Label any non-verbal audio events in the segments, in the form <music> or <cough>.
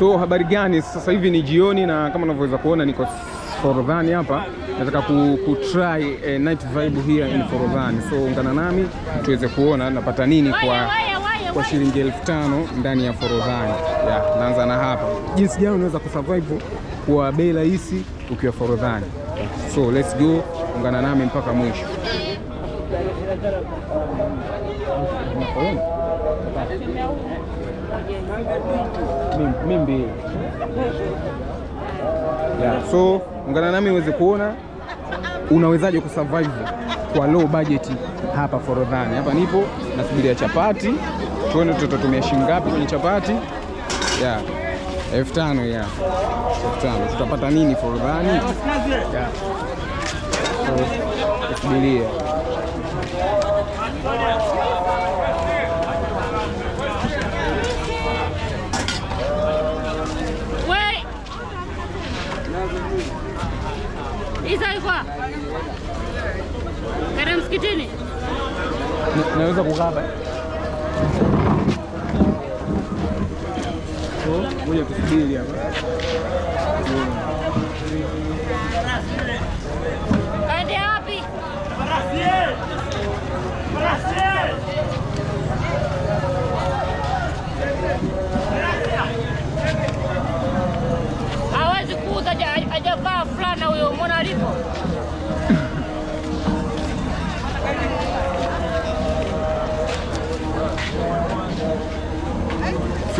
So habari gani? Sasa hivi ni jioni, na kama unavyoweza kuona niko Forodhani hapa, nataka ku, ku try eh, night vibe here in Forodhani. So ungana nami tuweze kuona napata nini kwa, kwa shilingi elfu tano ndani ya Forodhani. Yeah, naanza na hapa, jinsi gani unaweza kusurvive kwa bei rahisi ukiwa Forodhani. So let's go, ungana nami mpaka mwisho mi mbili yeah. So ungana nami uweze kuona unawezaje kusurvive kwa low budget hapa Forodhani. Hapa nipo nasubiria chapati, tuone tutatumia shilingi ngapi kwenye chapati yeah. elfu tano yeah. elfu tano tutapata nini Forodhani? yeah. so, msikitini, naweza kukaa hapa ngoja tusubiri hapa.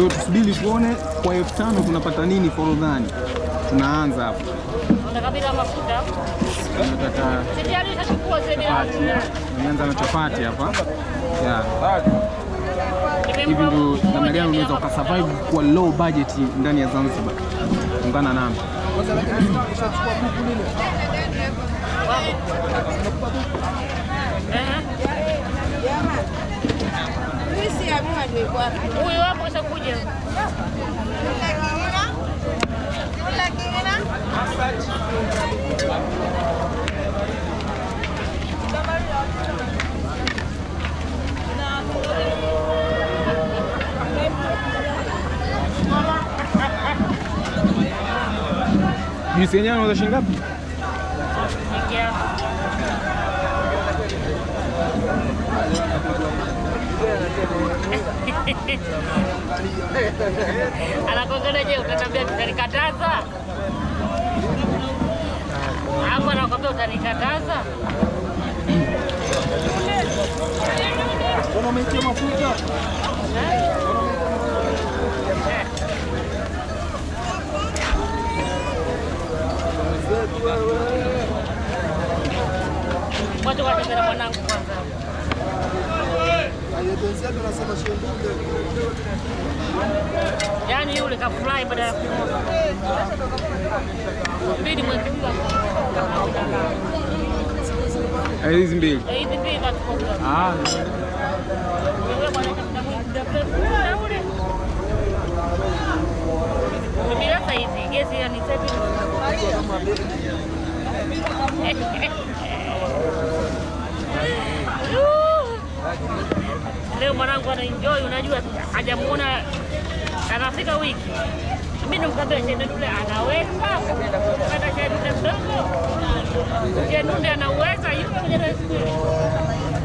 Kwa hiyo tusubiri tuone kwa elfu tano tunapata nini Forodhani. Tunaanza hapo. Nimeanza na chapati hapa. Hivi ndio namna gani unaweza ukasurvive kwa low budget ndani ya Zanzibar. Ungana nami. kuja. mau insegnano da Yeah. <laughs> Anakongana je, utaniambia utanikataza? Hapo anakwambia utanikataza. Unamtia mafuta? Watu watengana mwanangu. Yaani yule kafurahi baada ya kuona. Mbili mwezi kama. Hizi mbili. Eh, hizi mbili. Ah. anaenjoy, unajua hajamuona, anafika wiki mimi mkabila Jenunde anaweza kupata Jenunde mdogo, Jenunde anaweza yuko kwenye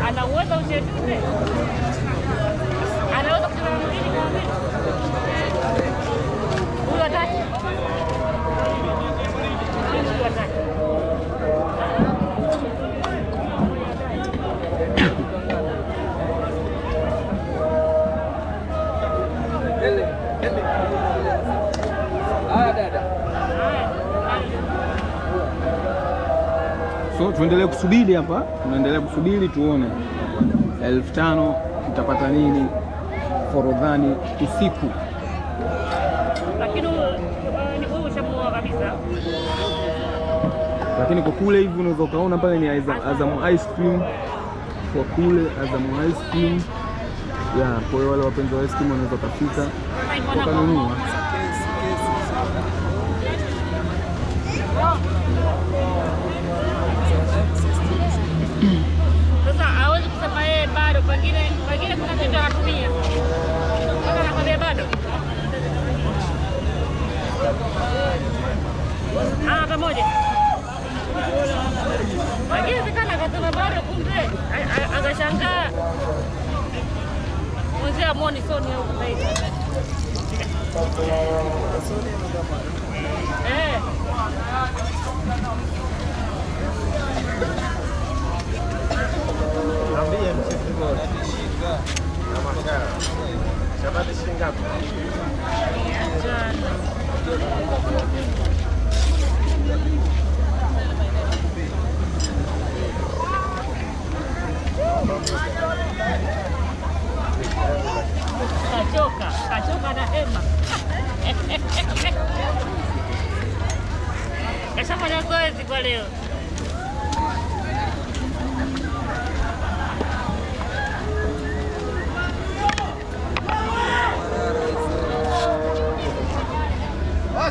anaweza Jenunde So tuendelee kusubiri hapa, tunaendelea kusubiri tuone elfu tano tutapata nini Forodhani usiku. Lakini uh, kwa kule hivi unaweza ukaona pale ni Azam ice cream, kwa kule Azam ice cream ya. Kwa hiyo wale wapenzi wa ice cream wanaweza kafika wakanunua. Sasa hawezi kusema yeye bado, pengine pengine kuna kitu anatumia sasa, anakwambia bado hata ah, moja akiwezekana akasema bado, kumbe akashangaa mwenzia amoni soni au zaidi eh Kachoka, kachoka na Ema. Kashafanya <laughs> zoezi kwa leo.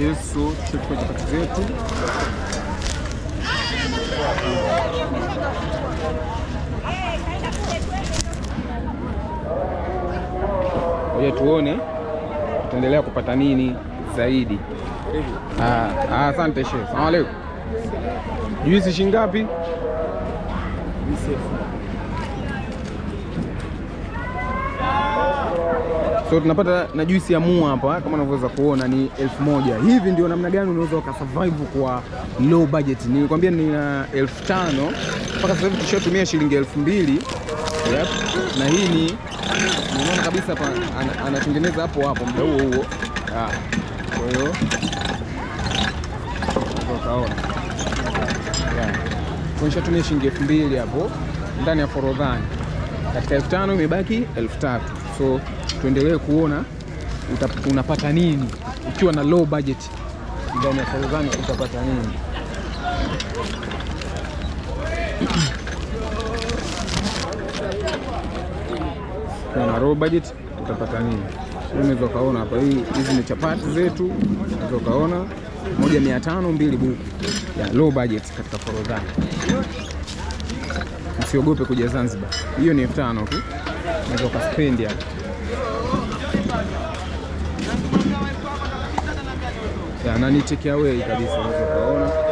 Yesu, chukua chapati zetu. Oja tuone tutaendelea kupata nini zaidi. Ah, asante shekhe, salamu aleikum. Juisi shingapi? So tunapata na juisi ya mua hapa, kama unavyoweza kuona ni elfu moja. Hivi ndio namna gani unaweza ukasurvive kwa low budget. Nilikwambia nina uh, elfu tano mpaka sasa hivi tushatumia shilingi elfu mbili yep. Na hii ni unaona kabisa hapa anatengeneza hapo hapo muda huo huo, ah. kwa hiyo utaona nishatumia shilingi elfu mbili hapo ndani ya forodhani, katika elfu tano imebaki elfu tatu So tuendelee kuona unapata nini ukiwa na low budget ndani ya forodhani, utapata nini? <clears throat> na low budget utapata nini? Unaweza ukaona hapa, hizi ni chapati zetu, unaweza ukaona moja mia tano mbili buku ya low budget katika forodhani. Msiogope kuja Zanzibar, hiyo ni elfu tano tu, unaweza ukaspendi hapa. Ya, na ni take away kabisa, unaweza hapa.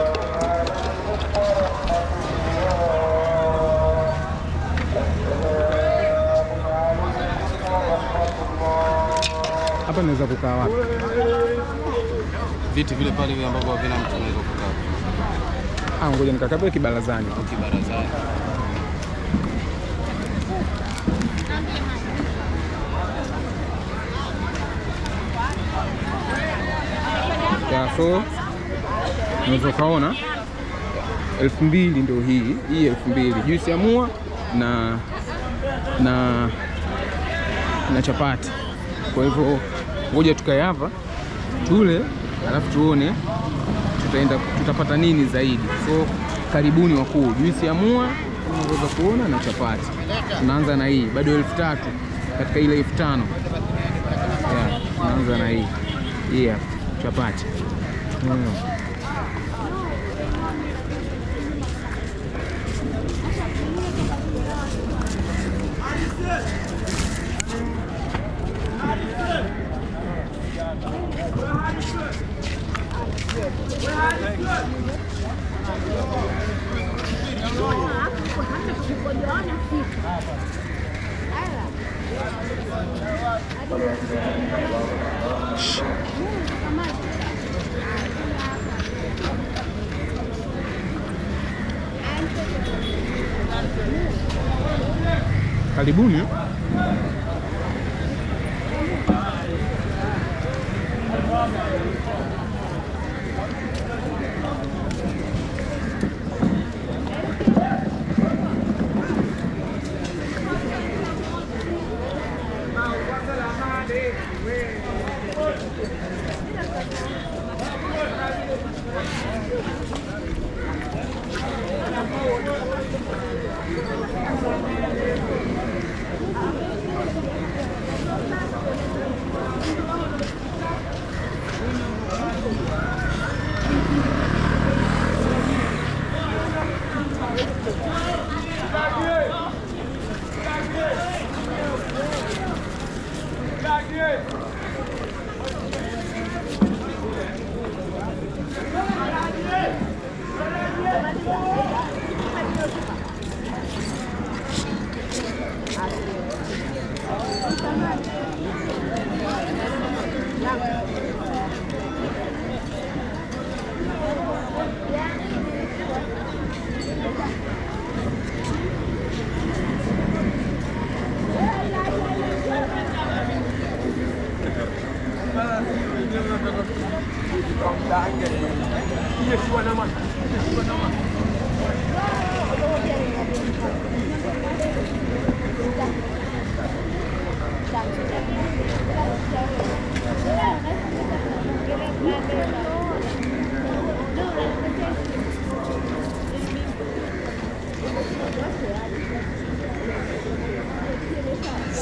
Naweza kukaa wapi? Viti vile pale ambavyo havina mtu Ah, ngoja nikakabe kibarazani. Kibarazani. So unaweza ukaona elfu mbili ndio hii hii elfu mbili juisi ya mua na, na, na chapati. Kwa hivyo ngoja tukayava tule, alafu tuone tutaenda tutapata nini zaidi. So karibuni wakuu, juisi ya mua unaweza kuona na chapati. Tunaanza na hii bado elfu tatu katika ile elfu tano tunaanza yeah, na hii hii yeah, chapati mm. Kali tá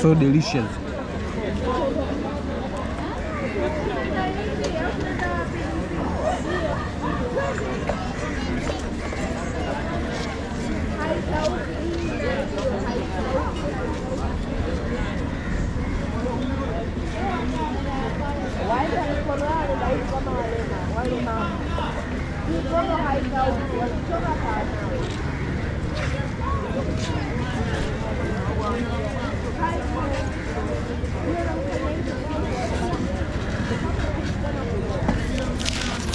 so delicious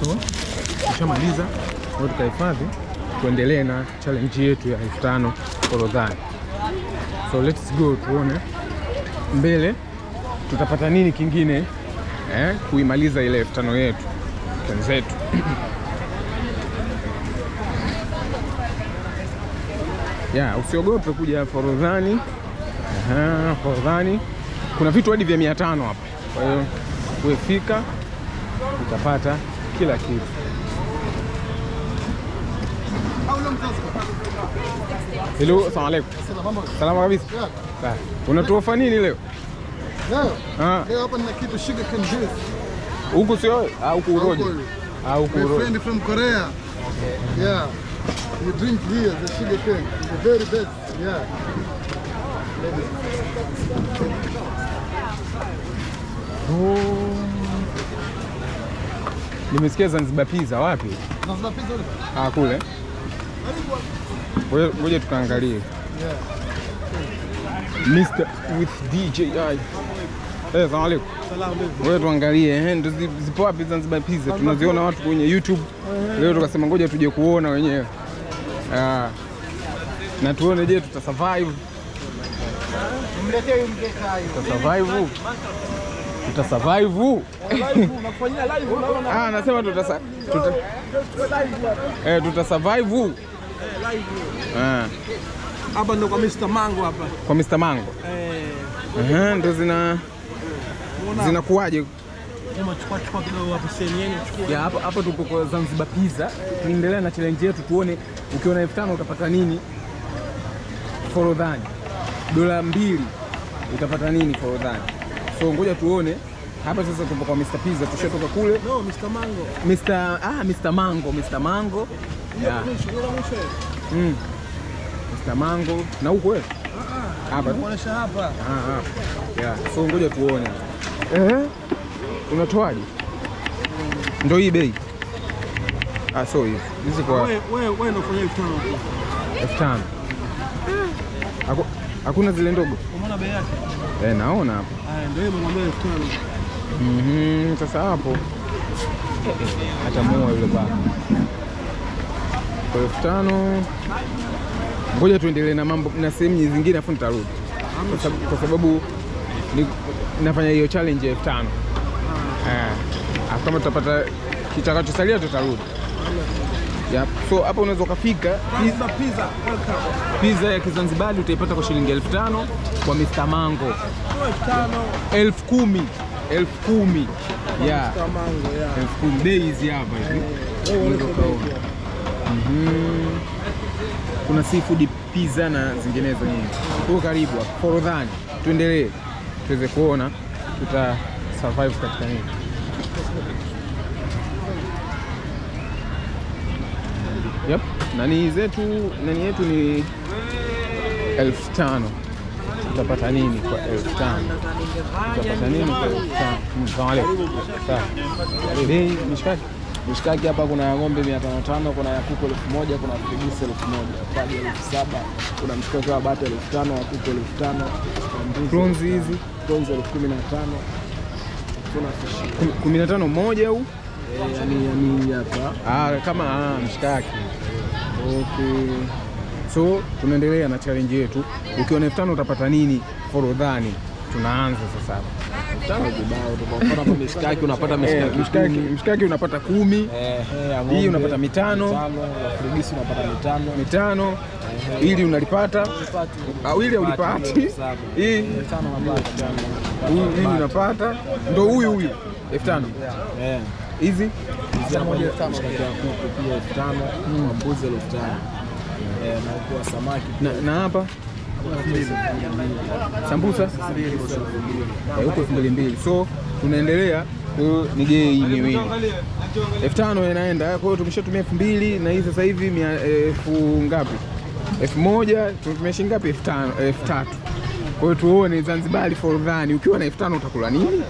so tushamaliza kwa tukahifadhi, tuendelee na challenge yetu ya elfu tano Forodhani. So let's go tuone mbele tutapata nini kingine eh, kuimaliza ile elfu tano yetu wenzetu. <coughs> Yeah, usiogope kuja Forodhani. Aha, Forodhani kuna vitu hadi vya mia tano hapa, kwa hiyo wefika utapata killer kids. Hello, assalamu alaikum. Salamu kabisa. Unatuofa nini leo? Leo. Ah. Leo hapa nina kitu sugar cane juice. Huku sio? Ah, huku uroji. Ah, huku My Friend from Korea. Yeah. You drink here the sugar cane. The very best. Yeah. Oh. Nimesikia Zanzibar pizza wapi? Zanzibar pizza ule pale. Ah, kule. Ngoja tukaangalie. Yeah. Mr with DJ I. Eh, salamu alaykum. Salamu Ngoja tuangalie eh, ndo zipo wapi Zanzibar pizza? Tunaziona watu kwenye YouTube. Leo tukasema ngoja tuje kuona wenyewe. Ah. Na tuone je, tutasurvive. Mletee huyu mkeka huyo. Tutasurvive tuta survive. Ah, nasema tuta tuta eh, tuta survive. Eh, hapa ndo kwa Mr. Mango hapa. Kwa Mr. Mango. Eh. Eh, ndo zina zinakuwaje? Hapa hapa tupo kwa Zanzibar Pizza. Tuendelea na challenge yetu tuone ukiona elfu utapata nini? Forodhani. Dola mbili utapata nini forodhani? So ngoja tuone hapa sasa, tupo kwa Mr. Pizza, tushatoka kule. No, Mr. Mango. Mr. Ah, Mr. Mango, Mr. Mango. Yeah. Mm. Mr. Mango na huko wewe? Ah, ah. hapa. Unaonesha hapa. Ah, ah. Yeah. So ngoja tuone. Eh? Unatoaje? Ndio hii bei. Ah, so hii. Hizi kwa wewe wewe wewe unafanya tano. 5000. tano. Hakuna zile ndogo. Umeona bei yake? Eh, naona hapo. Ndio hiyo Mhm, sasa hapo atamuua yule baba kwa elfu tano. Ngoja tuendelee na mambo na sehemu zingine, afu nitarudi kwa sababu nafanya hiyo challenge ya elfu tano. Ah. Eh, ah, kama tutapata kitakachosalia tutarudi. Yep. So hapa unaweza ukafika pizza, pizza. Pizza ya Kizanzibari utaipata kwa shilingi elfu tano kwa Mr. Mango elfu kumi elfu kumi elfu kumi bei hizi hapa hivi eh, unaweza ukaona mhm. kuna seafood pizza na zinginezo nyingi. Huko karibu Forodhani, tuendelee tuweze kuona tuta survive katika nini. nani zetu nani yetu ni elfu tano utapata nini kwa elfu tano utapata nini kwa elfu tano hmm, salamu aleikum hapa kuna ya ng'ombe mia tano tano kuna ya kuku elfu moja kuna figisi elfu moja paji elfu saba kuna mshikaki wa bata elfu tano wa kuku elfu tano prunzi hizi prunzi elfu kumi na tano kuna kumi na tano moja au eh, yani hapa ah, kama ah, mshikaki Okay. So tunaendelea na challenge yetu, ukiona elfu tano utapata nini? Forodhani tunaanza sasa mishikaki unapata eh, mishikaki unapata kumi hii unapata mitano mitano ili unalipata au ah, ili ulipati hii unapata ndo huyu huyu elfu tano eh. hizi na hapa sambusa eh, huko elfu mbili mbili. So tunaendelea ni bei miwili elfu tano inaenda. Kwa hiyo tumeshatumia elfu mbili na hii sasa hivi elfu ngapi? elfu moja tumetumia shilingi ngapi? elfu tatu. Kwa hiyo tuone Zanzibari forodhani, ukiwa na elfu tano utakula nini?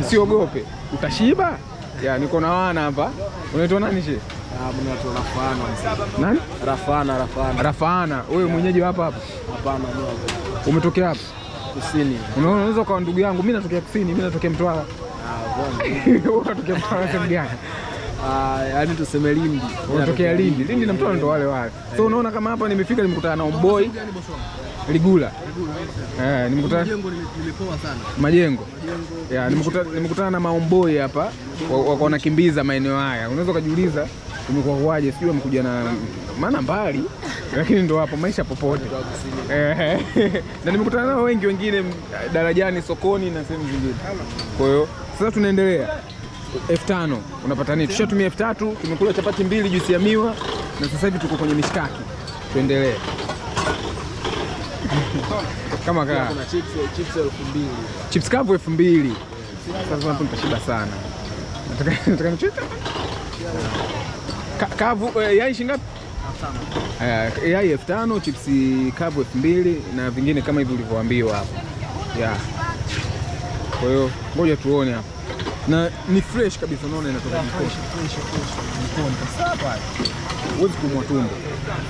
Msiogope, utashiba. Ya, niko na wana hapa. Unaitwa nani she? Ah, mimi naitwa Rafana. Nani? Rafana, Rafana. Rafana. Wewe mwenyeji wa hapa hapa? Hapana, mimi. Umetokea hapa? Kusini. Unaona Unaweza kwa ndugu yangu, mimi natokea kusini, mimi natokea Mtwara. Ah, <laughs> wewe unatokea Mtwara sehemu gani? Ah, yani tuseme Lindi. Unatokea Lindi. Lindi na Mtwara ndo wale wale. So eh. unaona kama hapa nimefika nimekutana na Omboy. Ligula eh, nimekutana majengo, nimekutana na maomboi hapa, wako wanakimbiza maeneo haya. Unaweza kujiuliza tumekuwa kuaje, sijui amekuja na maana mbali, lakini ndo hapo maisha popote <laughs> na nimekutana nao wengi, wengine darajani, sokoni na sehemu zingine. Kwa hiyo sasa tunaendelea elfu tano unapata nini? Tushatumia elfu tatu tumekula chapati mbili, juisi ya miwa, na sasa hivi tuko kwenye mishkaki. Tuendelee kama kaa kuna chips eh, chips 2000 chips kavu 2000 sasa hapo nitashiba sana. Nataka <laughs> nataka mchete kavu eh, yai shilingi ngapi? Eh, yai elfu tano chips kavu elfu mbili na vingine kama hivi ulivyoambiwa hapo. Yeah. Kwa hiyo ngoja tuone hapo na ni fresh kabisa, unaona inatoka jikoni, huwezi kumwa tumbo.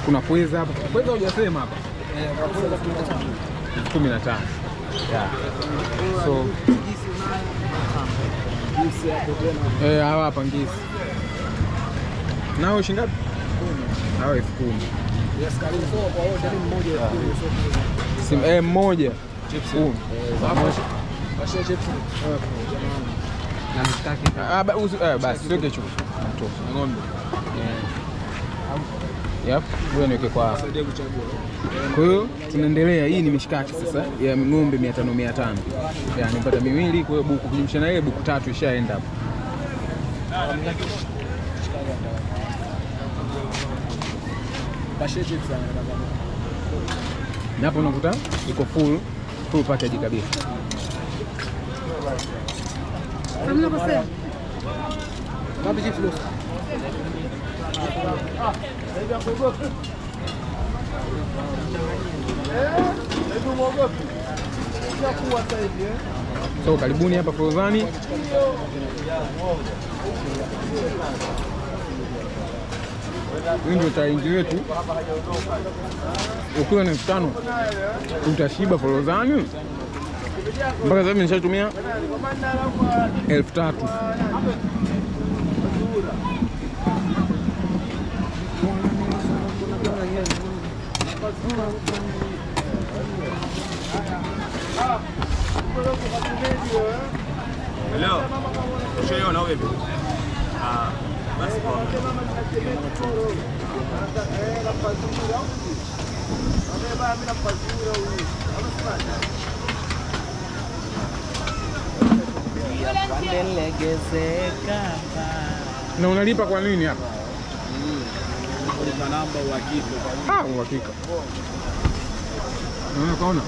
Kuna pweza hapa, pweza hujasema hapa kumi na tano so eh, hawa hapa ngisi nao shingapi? hawa elfu kumi simu mmoja basi, sio kichwa ng'ombe Yep, huyo ni kwa. Kwa hiyo tunaendelea, hii ni mishikaki sasa ya ng'ombe 500 500. Yaani nipata miwili, kwa hiyo buku kujumlisha na ile buku tatu ishaenda hapo. Na hapo unakuta iko full full package kabisa. Hamna kosea. Mabiji chips So karibuni hapa Forodhani. Hii ndio challenge yetu, ukiwa na elfu tano utashiba Forodhani. Mpaka sasa nimeshatumia elfu tatu. Hello. Ushaiona wewe? Ah, basi kwa. Na unalipa kwa nini hapa? kuleta namba uhakika. Ah, uhakika. Naona kaona.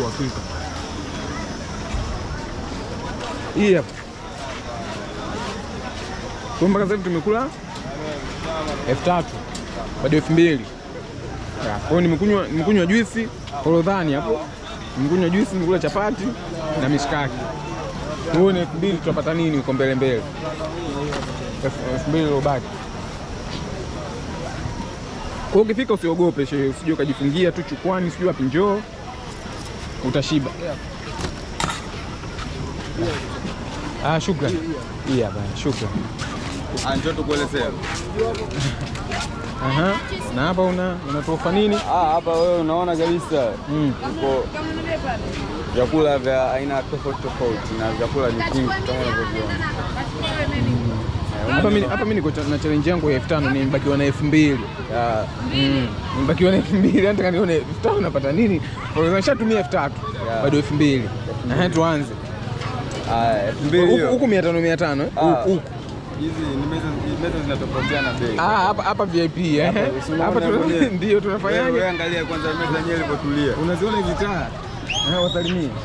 Uhakika. Hii hapa. Kwa mpaka sasa tumekula elfu tatu hadi elfu mbili. Kwa nimekunywa nimekunywa juisi Forodhani hapo. Nimekunywa juisi, nimekula chapati na mishikaki. Tuone elfu mbili tutapata nini huko mbele mbele. Elfu mbili lobaki kwa ukifika usiogope, shehe, usije ukajifungia tu chukwani, sijui wapi, njoo utashiba. Ah, shukrani. Iya bana, shukrani. Ah, njoo tukuelezea. Aha. Na hapa una unatofa nini? Ah, hapa wewe unaona kabisa mm. Uko vyakula vya aina tofauti tofauti na vyakula ni vingi kama unavyoviona. Hapa mimi niko na challenge yangu ya elfu tano nimebakiwa na elfu mbili ah, mm. nimebakiwa na elfu mbili nataka nione elfu tano napata nini? Nishatumia elfu tatu bado elfu mbili tuanze ah, huku mia tano mia tano eh? ah. huku hapa hapa VIP eh? hapa <laughs> ndio tunafanyaje? Angalia kwanza meza yenyewe ilivyotulia, unaziona hizi taa, eh, wasalimie <laughs>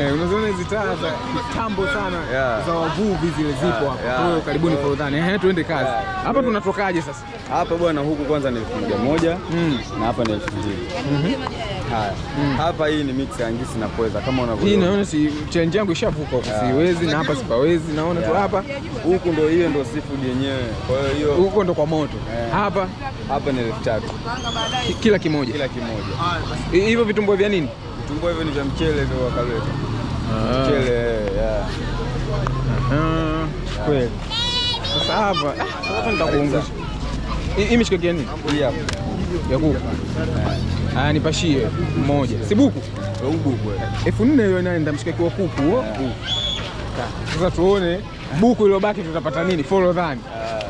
Eh, unaziona hizi taa za kitambo sana yeah, za wavuvi zile zipo hapa yeah, yeah. Karibuni Forodhani. Eh, tuende kazi hapa yeah. Tunatokaje sasa hapa bwana? Huku kwanza ni elfu moja mm. na hapa ni elfu mbili mm Haya mm. Hapa hii ni mix ya ngisi na pweza kama unavyoona. Hii naona si change yangu ishavuka huko yeah. Siwezi na hapa sipawezi, naona yeah. tu hapa huku ndo hiyo ndo seafood yenyewe. Kwa hiyo huko ndo kwa moto yeah. Hapa hapa ni elfu tatu kila kimoja, kila kimoja. Hivyo vitumbua vya nini? Vitumbua hivyo ni vya mchele vya wakaleta mchele uh-huh. kweli. Sasa hapa nitakuungusha hii mishikaki ya nini? Ya kuku. Aya, nipashie mmoja sibuku buku eh. elfu nne hiyo nani, nitamshikaki wa kuku oh. Sasa tuone buku iliyobaki tutapata nini Forodhani. Ah.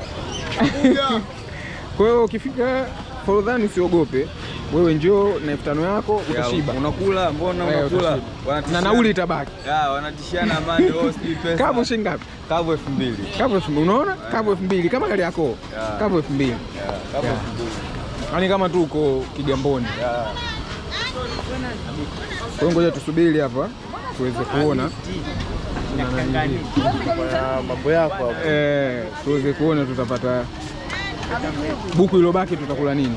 <laughs> Kwa hiyo ukifika Forodhani usiogope wewe njoo na elfu tano yako utashiba. Unakula mbona unakula? Na nauli itabaki. Ah, wanatishana amani wao oh, si pesa. Kavu shilingi ngapi? Kavu 2000. Kavu 2000. Unaona? Kavu 2000 kama gari yako. Kavu 2000. Kavu 2000. Yaani kama tuko Kigamboni. Kwa hiyo ngoja tusubiri hapa tuweze kuona mambo yako hapo. Eh, tuweze kuona tutapata buku iliyobaki tutakula nini?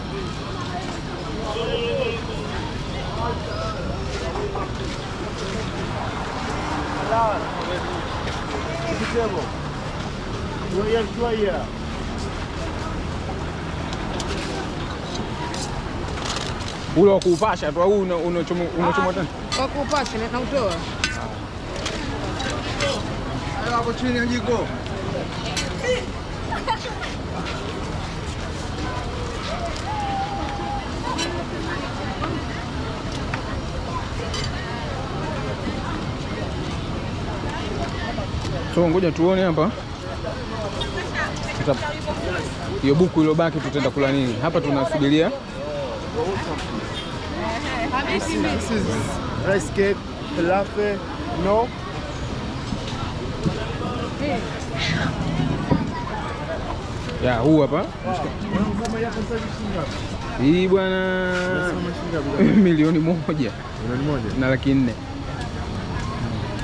Систему. Ну я что я? Uno cupa, c'è poi uno, uno c'è uno c'è morto. Ho cupa, ce n'è un altro. Allora, cucina di cupa. So ngoja tuone hapa hiyo buku iliyobaki tutaenda kula nini hapa. Tunasubiria no ya huu hapa hii bwana, <laughs> milioni moja na laki nne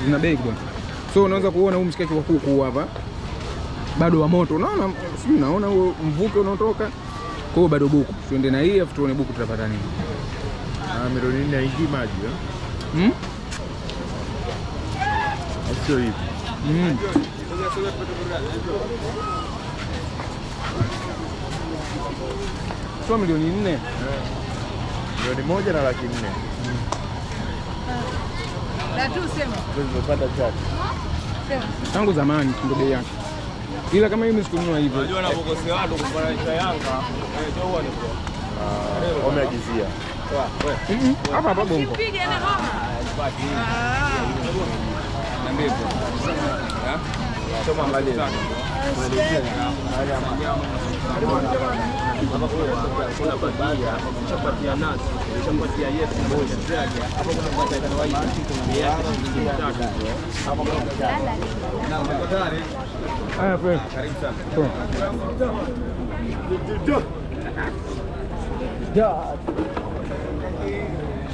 zina bei bwana. So unaweza kuona huu msikaki wa kuku hapa bado wa moto, unaona, sijui unaona huo mvuke unaotoka. Kwa hiyo bado buku, tuende na hii afu tuone buku tutapata nini. Ah, milioni nne haingii maji eh? Hmm? Ah, sio hivi. Mm. Sio milioni nne. Eh. Milioni moja na laki nne. Hmm. Nimepata tangu zamani bei yake, ila kama mimi sikununua hivyo. Unajua na watu kufananisha Yanga eh, wameagizia ah, hapa hapa Bongo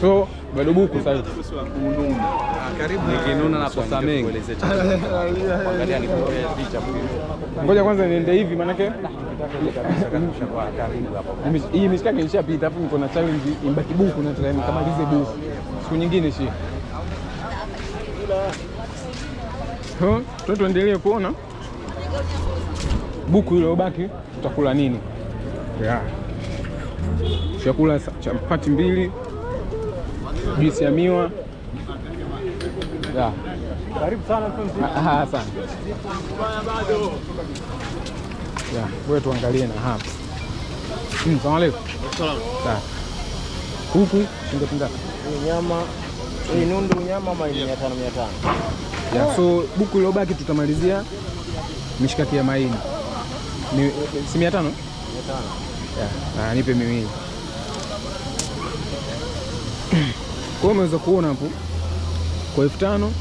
So bado buku sasa nikinuna na kosa mengi. Ngoja kwanza niende hivi maanake hii mishikaki nishapita, hapo niko na challenge imbaki buku na nikamalize ah. buku siku nyingine shi. Tuo tuendelee kuona buku ile ubaki tutakula nini? chakula cha pati mbili, juisi ya miwa. Karibu sana. Ah, ah, asante. Wewe tuangalie na hapa. Mm, salamu alaykum. Huku shilingi ngapi? Ni nyama, ni nundu nyama ama ni 500 500. Yeah, so buku iliyobaki tutamalizia mishikaki ya maini. Ni si mia 500. Yeah, na nipe miwili. Kwa umeweza kuona hapo kwa elfu tano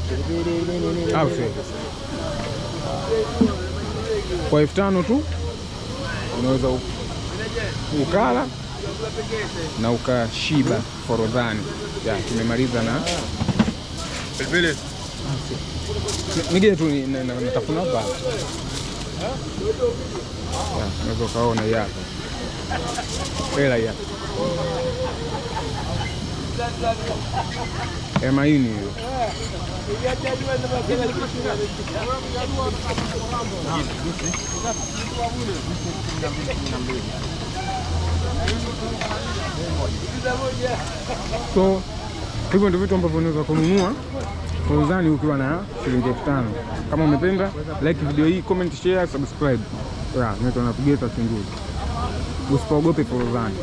kwa elfu tano tu unaweza ukala na ukashiba forodhani. Ya, tumemaliza na pilipili mingine tu natafuna hapa, unaweza ukaona ya hela ya emaini hiyo So hivyo ndio vitu ambavyo unaweza kununua uzani ukiwa na shilingi elfu tano. Kama umependa like video hii, comment, share, subscribe. Yeah, naitwa Navigator Kinduzi. kwa uzani.